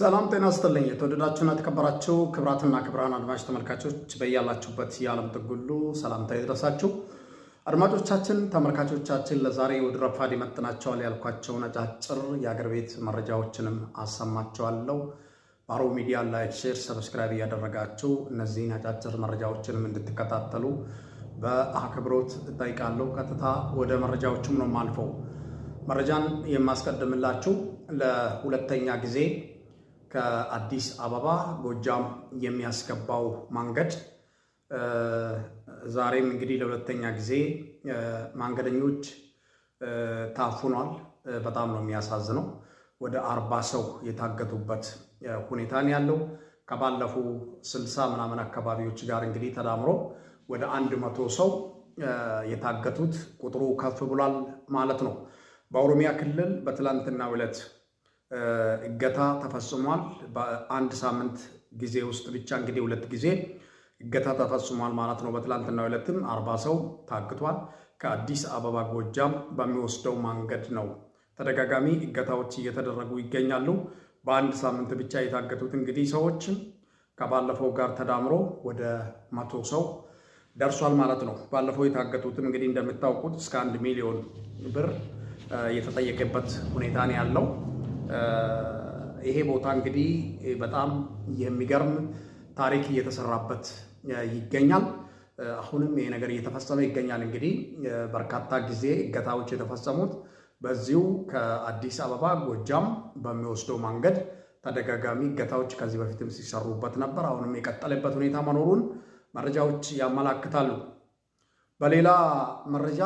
ሰላም ጤና ስጥልኝ። የተወደዳችሁና የተከበራችሁ ክብራትና ክብራን አድማጭ ተመልካቾች በያላችሁበት የዓለም ጥግ ሁሉ ሰላምታ ይድረሳችሁ። አድማጮቻችን፣ ተመልካቾቻችን ለዛሬ ወደ ረፋድ ይመጥናቸዋል ያልኳቸው ነጫጭር የአገር ቤት መረጃዎችንም አሰማችኋለሁ። ባሮ ሚዲያ ላይክ፣ ሼር፣ ሰብስክራይብ እያደረጋችሁ እነዚህ ነጫጭር መረጃዎችንም እንድትከታተሉ በአክብሮት እጠይቃለሁ። ቀጥታ ወደ መረጃዎችም ነው የማልፈው። መረጃን የማስቀድምላችሁ ለሁለተኛ ጊዜ ከአዲስ አበባ ጎጃም የሚያስገባው መንገድ ዛሬም እንግዲህ ለሁለተኛ ጊዜ መንገደኞች ታፍኗል። በጣም ነው የሚያሳዝነው። ወደ አርባ ሰው የታገቱበት ሁኔታ ነው ያለው። ከባለፉ ስልሳ ምናምን አካባቢዎች ጋር እንግዲህ ተዳምሮ ወደ አንድ መቶ ሰው የታገቱት ቁጥሩ ከፍ ብሏል ማለት ነው። በኦሮሚያ ክልል በትላንትና ዕለት እገታ ተፈጽሟል። በአንድ ሳምንት ጊዜ ውስጥ ብቻ እንግዲህ ሁለት ጊዜ እገታ ተፈጽሟል ማለት ነው። በትላንትና ዕለትም አርባ ሰው ታግቷል። ከአዲስ አበባ ጎጃም በሚወስደው መንገድ ነው ተደጋጋሚ እገታዎች እየተደረጉ ይገኛሉ። በአንድ ሳምንት ብቻ የታገቱት እንግዲህ ሰዎች ከባለፈው ጋር ተዳምሮ ወደ መቶ ሰው ደርሷል ማለት ነው። ባለፈው የታገቱትም እንግዲህ እንደምታውቁት እስከ አንድ ሚሊዮን ብር የተጠየቀበት ሁኔታ ነው ያለው። ይሄ ቦታ እንግዲህ በጣም የሚገርም ታሪክ እየተሰራበት ይገኛል። አሁንም ይሄ ነገር እየተፈጸመ ይገኛል። እንግዲህ በርካታ ጊዜ እገታዎች የተፈጸሙት በዚሁ ከአዲስ አበባ ጎጃም በሚወስደው መንገድ ተደጋጋሚ እገታዎች ከዚህ በፊትም ሲሰሩበት ነበር። አሁንም የቀጠለበት ሁኔታ መኖሩን መረጃዎች ያመላክታሉ። በሌላ መረጃ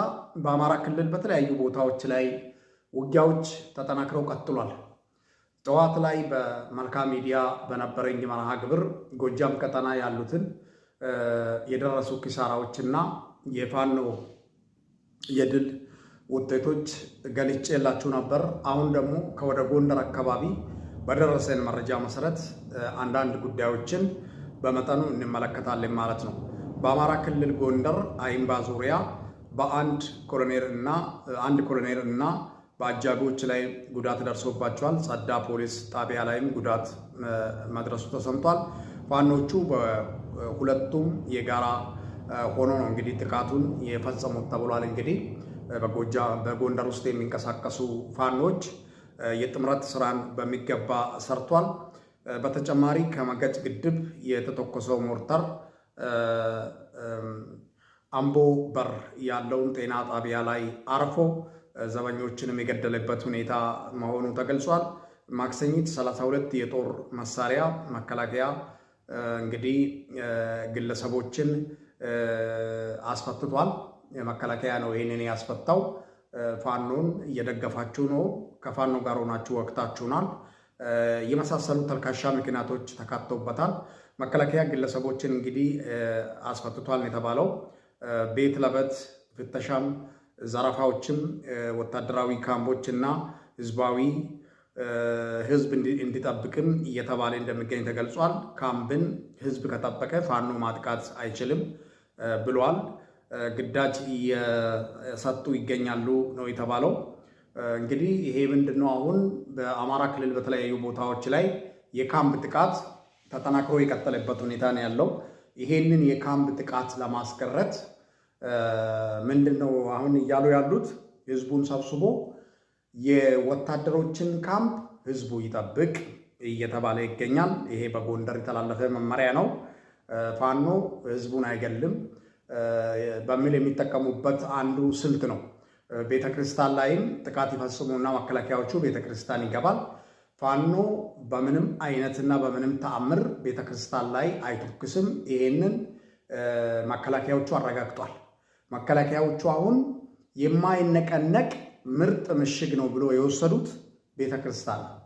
በአማራ ክልል በተለያዩ ቦታዎች ላይ ውጊያዎች ተጠናክረው ቀጥሏል። ጠዋት ላይ በመልካም ሚዲያ በነበረኝ መርሃ ግብር ጎጃም ቀጠና ያሉትን የደረሱ ኪሳራዎችና የፋኖ የድል ውጤቶች ገልጬላችሁ ነበር። አሁን ደግሞ ከወደ ጎንደር አካባቢ በደረሰን መረጃ መሰረት አንዳንድ ጉዳዮችን በመጠኑ እንመለከታለን ማለት ነው። በአማራ ክልል ጎንደር አይምባ ዙሪያ በአንድ ኮሎኔል እና አንድ ኮሎኔል እና በአጃቢዎች ላይ ጉዳት ደርሶባቸዋል። ጸዳ ፖሊስ ጣቢያ ላይም ጉዳት መድረሱ ተሰምቷል። ፋኖቹ በሁለቱም የጋራ ሆኖ ነው እንግዲህ ጥቃቱን የፈጸሙት ተብሏል። እንግዲህ በጎጃ በጎንደር ውስጥ የሚንቀሳቀሱ ፋኖች የጥምረት ስራን በሚገባ ሰርቷል። በተጨማሪ ከመገጭ ግድብ የተተኮሰው ሞርተር አምቦ በር ያለውን ጤና ጣቢያ ላይ አርፎ ዘበኞችንም የገደለበት ሁኔታ መሆኑ ተገልጿል። ማክሰኝት 32 የጦር መሳሪያ መከላከያ እንግዲህ ግለሰቦችን አስፈትቷል። መከላከያ ነው ይህንን ያስፈታው። ፋኖን እየደገፋችሁ ነው፣ ከፋኖ ጋር ሆናችሁ ወቅታችሁናል፣ የመሳሰሉ ተልካሻ ምክንያቶች ተካተውበታል። መከላከያ ግለሰቦችን እንግዲህ አስፈትቷል የተባለው ቤት ለቤት ፍተሻም ዘረፋዎችም፣ ወታደራዊ ካምፖች እና ህዝባዊ ህዝብ እንዲጠብቅም እየተባለ እንደሚገኝ ተገልጿል። ካምፕን ህዝብ ከጠበቀ ፋኖ ማጥቃት አይችልም ብሏል። ግዳጅ እየሰጡ ይገኛሉ ነው የተባለው። እንግዲህ ይሄ ምንድን ነው? አሁን በአማራ ክልል በተለያዩ ቦታዎች ላይ የካምፕ ጥቃት ተጠናክሮ የቀጠለበት ሁኔታ ነው ያለው። ይሄንን የካምፕ ጥቃት ለማስቀረት ምንድን ነው አሁን እያሉ ያሉት? ህዝቡን ሰብስቦ የወታደሮችን ካምፕ ህዝቡ ይጠብቅ እየተባለ ይገኛል። ይሄ በጎንደር የተላለፈ መመሪያ ነው። ፋኖ ህዝቡን አይገልም በሚል የሚጠቀሙበት አንዱ ስልት ነው። ቤተክርስቲያን ላይም ጥቃት ይፈጽሙና መከላከያዎቹ ቤተክርስቲያን ይገባል። ፋኖ በምንም አይነትና በምንም ተአምር ቤተክርስቲያን ላይ አይተኩስም። ይሄንን መከላከያዎቹ አረጋግጧል። መከላከያዎቹ አሁን የማይነቀነቅ ምርጥ ምሽግ ነው ብሎ የወሰዱት ቤተ ክርስቲያን ነው።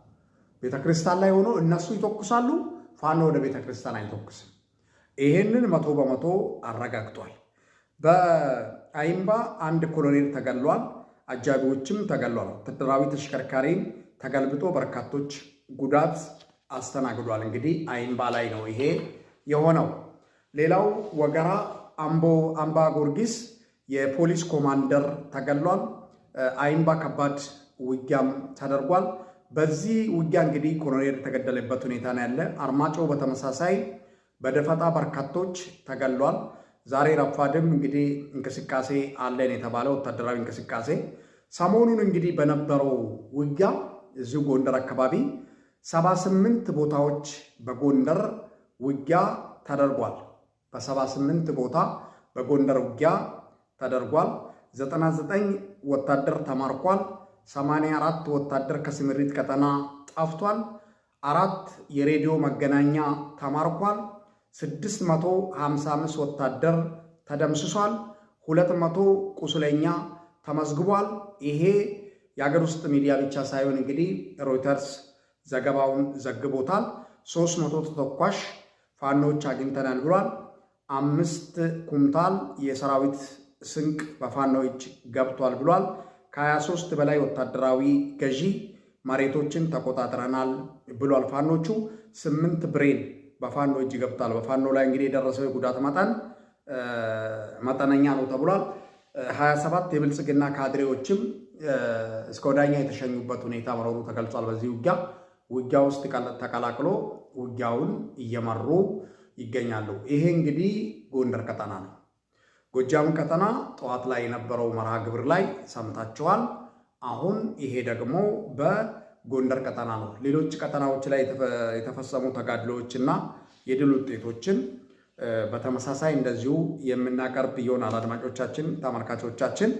ቤተ ክርስቲያን ላይ ሆኖ እነሱ ይተኩሳሉ፣ ፋኖ ወደ ቤተ ክርስቲያን አይተኩስም። ይሄንን መቶ በመቶ አረጋግጧል። በአይምባ አንድ ኮሎኔል ተገሏል፣ አጃቢዎችም ተገሏል። ወታደራዊ ተሽከርካሪም ተገልብጦ በርካቶች ጉዳት አስተናግዷል። እንግዲህ አይምባ ላይ ነው ይሄ የሆነው። ሌላው ወገራ አምቦ አምባ ጊዮርጊስ የፖሊስ ኮማንደር ተገሏል። አይምባ ከባድ ውጊያም ተደርጓል። በዚህ ውጊያ እንግዲህ ኮሎኔል የተገደለበት ሁኔታ ነው ያለ። አርማጮ በተመሳሳይ በደፈጣ በርካቶች ተገሏል። ዛሬ ረፋድም እንግዲህ እንቅስቃሴ አለን የተባለ ወታደራዊ እንቅስቃሴ ሰሞኑን እንግዲህ በነበረው ውጊያ እዚሁ ጎንደር አካባቢ ሰባ ስምንት ቦታዎች በጎንደር ውጊያ ተደርጓል። በሰባ ስምንት ቦታ በጎንደር ውጊያ ተደርጓል። 99 ወታደር ተማርኳል። 84 ወታደር ከስምሪት ቀጠና ጠፍቷል። አራት የሬዲዮ መገናኛ ተማርኳል። 655 ወታደር ተደምስሷል። 200 ቁስለኛ ተመዝግቧል። ይሄ የአገር ውስጥ ሚዲያ ብቻ ሳይሆን እንግዲህ ሮይተርስ ዘገባውን ዘግቦታል። 300 ተተኳሽ ፋኖች አግኝተናል ብሏል። አምስት ኩምታል የሰራዊት ስንቅ በፋኖ እጅ ገብቷል ብሏል። ከ23 በላይ ወታደራዊ ገዢ መሬቶችን ተቆጣጥረናል ብሏል። ፋኖቹ ስምንት ብሬን በፋኖ እጅ ገብቷል። በፋኖ ላይ እንግዲህ የደረሰው የጉዳት መጠን መጠነኛ ነው ተብሏል። 27 የብልጽግና ካድሬዎችም እስከ ወዳኛ የተሸኙበት ሁኔታ መኖሩ ተገልጿል። በዚህ ውጊያ ውጊያ ውስጥ ተቀላቅሎ ውጊያውን እየመሩ ይገኛሉ። ይሄ እንግዲህ ጎንደር ቀጠና ነው። ጎጃም ቀጠና ጠዋት ላይ የነበረው መርሃ ግብር ላይ ሰምታችኋል። አሁን ይሄ ደግሞ በጎንደር ቀጠና ነው። ሌሎች ቀጠናዎች ላይ የተፈጸሙ እና የድል ውጤቶችን በተመሳሳይ እንደዚሁ የምናቀርብ ይሆናል። አድማጮቻችን፣ ተመልካቾቻችን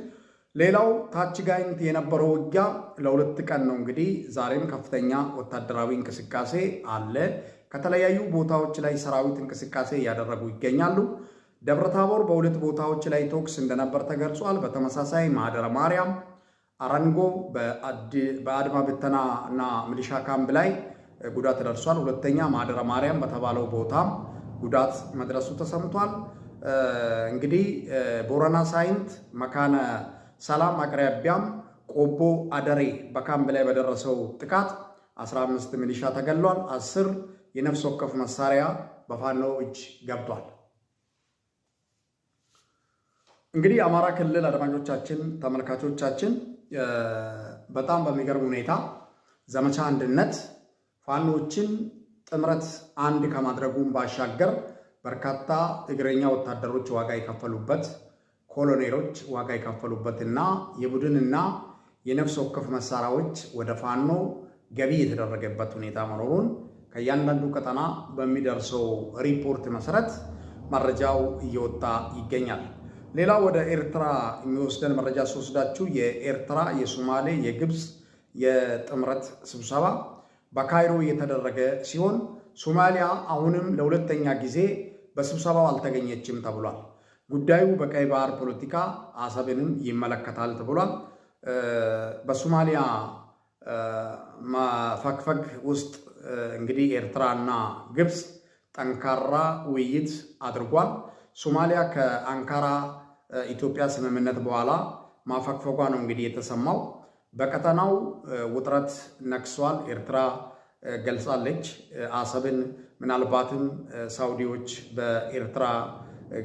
ሌላው ታች ጋይንት የነበረው ውጊያ ለሁለት ቀን ነው እንግዲህ ዛሬም ከፍተኛ ወታደራዊ እንቅስቃሴ አለ። ከተለያዩ ቦታዎች ላይ ሰራዊት እንቅስቃሴ እያደረጉ ይገኛሉ። ደብረ ታቦር በሁለት ቦታዎች ላይ ተኩስ እንደነበር ተገልጿል። በተመሳሳይ ማህደረ ማርያም አረንጎ በአድማ ብተና እና ሚሊሻ ካምፕ ላይ ጉዳት ደርሷል። ሁለተኛ ማህደረ ማርያም በተባለው ቦታ ጉዳት መድረሱ ተሰምቷል። እንግዲህ ቦረና ሳይንት መካነ ሰላም አቅራቢያም ቆቦ አደሬ በካምፕ ላይ በደረሰው ጥቃት 15 ሚሊሻ ተገሏል። 10 የነፍስ ወከፍ መሳሪያ በፋኖ እጅ ገብቷል። እንግዲህ የአማራ ክልል አድማጮቻችን፣ ተመልካቾቻችን በጣም በሚገርም ሁኔታ ዘመቻ አንድነት ፋኖችን ጥምረት አንድ ከማድረጉም ባሻገር በርካታ እግረኛ ወታደሮች ዋጋ የከፈሉበት ኮሎኔሎች ዋጋ እና የቡድንና የነፍስ ወከፍ መሳሪያዎች ወደ ፋኖ ገቢ የተደረገበት ሁኔታ መኖሩን ከእያንዳንዱ ቀጠና በሚደርሰው ሪፖርት መሰረት መረጃው እየወጣ ይገኛል። ሌላ ወደ ኤርትራ የሚወስደን መረጃ ሲወስዳችሁ የኤርትራ የሶማሌ የግብፅ የጥምረት ስብሰባ በካይሮ የተደረገ ሲሆን ሶማሊያ አሁንም ለሁለተኛ ጊዜ በስብሰባው አልተገኘችም ተብሏል። ጉዳዩ በቀይ ባህር ፖለቲካ አሰብንም ይመለከታል ተብሏል። በሶማሊያ መፈግፈግ ውስጥ እንግዲህ ኤርትራና ግብፅ ጠንካራ ውይይት አድርጓል። ሶማሊያ ከአንካራ ኢትዮጵያ ስምምነት በኋላ ማፈግፈጓ ነው እንግዲህ የተሰማው። በቀጠናው ውጥረት ነክሷል፣ ኤርትራ ገልጻለች አሰብን ምናልባትም ሳውዲዎች በኤርትራ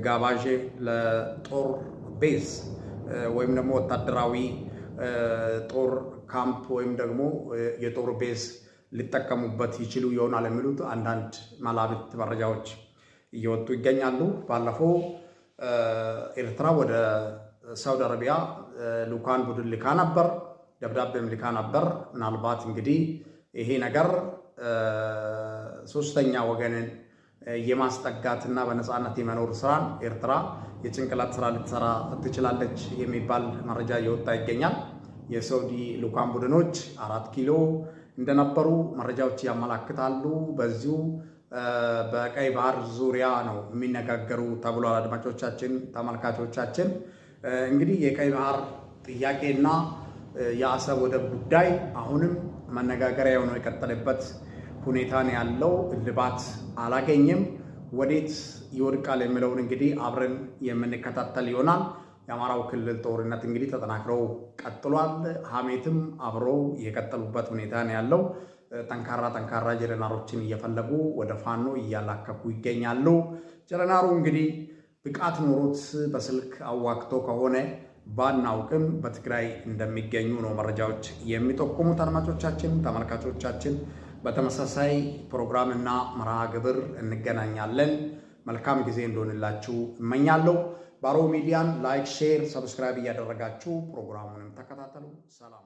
ጋባዤ ለጦር ቤዝ ወይም ደግሞ ወታደራዊ ጦር ካምፕ ወይም ደግሞ የጦር ቤዝ ሊጠቀሙበት ይችሉ ይሆናል የሚሉት አንዳንድ መላምት መረጃዎች እየወጡ ይገኛሉ ባለፈው ኤርትራ ወደ ሳውዲ አረቢያ ልኡካን ቡድን ልካ ነበር፣ ደብዳቤም ልካ ነበር። ምናልባት እንግዲህ ይሄ ነገር ሶስተኛ ወገንን የማስጠጋትና በነፃነት የመኖር ስራን ኤርትራ የጭንቅላት ስራ ልትሰራ ትችላለች የሚባል መረጃ እየወጣ ይገኛል። የሳውዲ ልኡካን ቡድኖች አራት ኪሎ እንደነበሩ መረጃዎች ያመላክታሉ። በዚሁ በቀይ ባህር ዙሪያ ነው የሚነጋገሩ ተብሏል። አድማጮቻችን፣ ተመልካቾቻችን እንግዲህ የቀይ ባህር ጥያቄና የአሰብ ወደብ ጉዳይ አሁንም መነጋገሪያ የሆነው የቀጠለበት ሁኔታን ያለው እልባት አላገኘም። ወዴት ይወድቃል የሚለውን እንግዲህ አብረን የምንከታተል ይሆናል። የአማራው ክልል ጦርነት እንግዲህ ተጠናክረው ቀጥሏል። ሀሜትም አብረው የቀጠሉበት ሁኔታን ያለው ጠንካራ ጠንካራ ጀነራሎችን እየፈለጉ ወደ ፋኖ እያላከኩ ይገኛሉ። ጀነራሉ እንግዲህ ብቃት ኖሮት በስልክ አዋክቶ ከሆነ ባናውቅም በትግራይ እንደሚገኙ ነው መረጃዎች የሚጠቁሙት። አድማጮቻችን፣ ተመልካቾቻችን በተመሳሳይ ፕሮግራምና መርሃ ግብር እንገናኛለን። መልካም ጊዜ እንደሆንላችሁ እመኛለሁ። ባሮ ሚዲያን ላይክ፣ ሼር፣ ሰብስክራይብ እያደረጋችሁ ፕሮግራሙንም ተከታተሉ። ሰላም